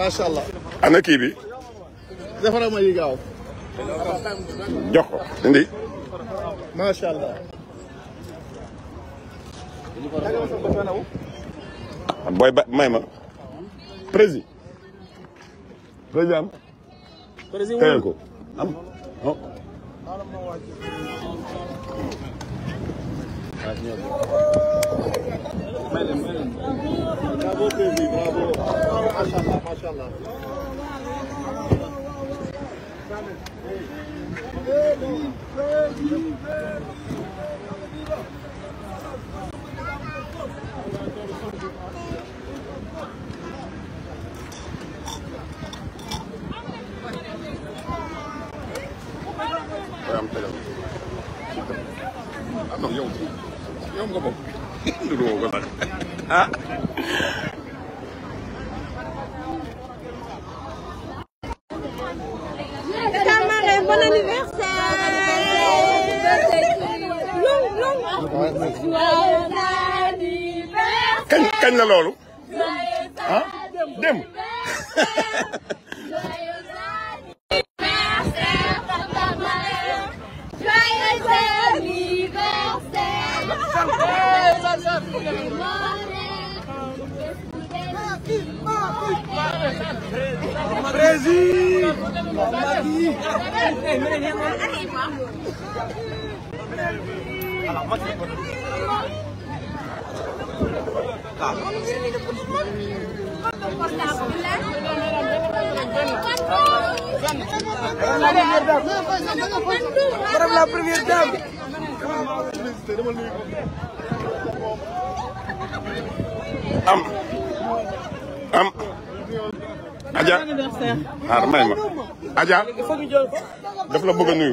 macha allah. ana kii bi. defaral ma yi gaaw. jox ko indi. macha allah. booy ba may ma. prési. prési am. prési teel ko am non. Oh. may leen may leen. bravo prési bravo. allah am tegal ah non yow yow nga bokk ah bon anniversaire. kañ kañ la loolu. ah, ah dem. Brasil! Madame la première dame. am am Adja xaar may ma Adja daf la bëgg a nuyu.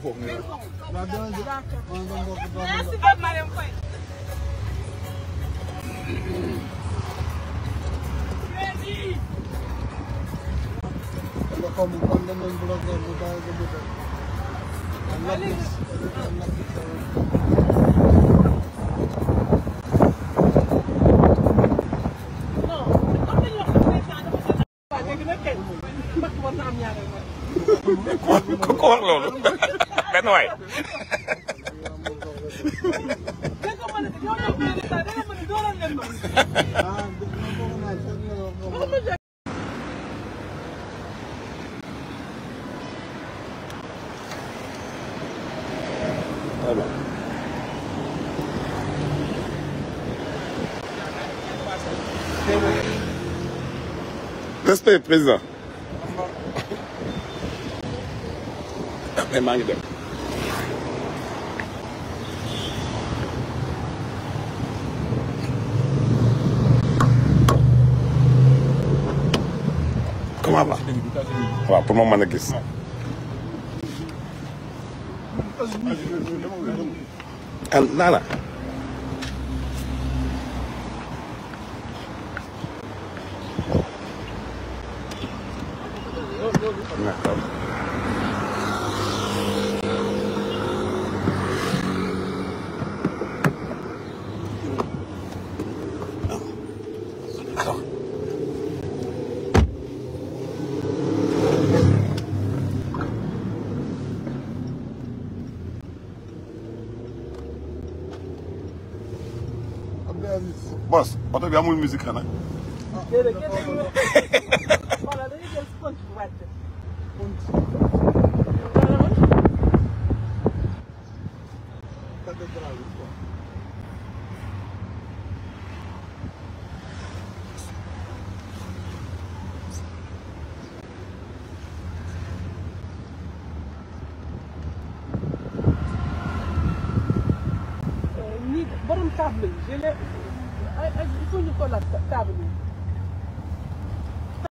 dem foofu nga comme comme da ngeen bloqué bu baax a gëm a dem. ku ko wax loolu. kenn waay. respect président mais maa ngi dem ma baax waaw pour ma mën a gis. ah naa la. d'accord. bos oto bi amul musique xanaa. Euh, borom table je l'ai il faut ñu xoolaat table yi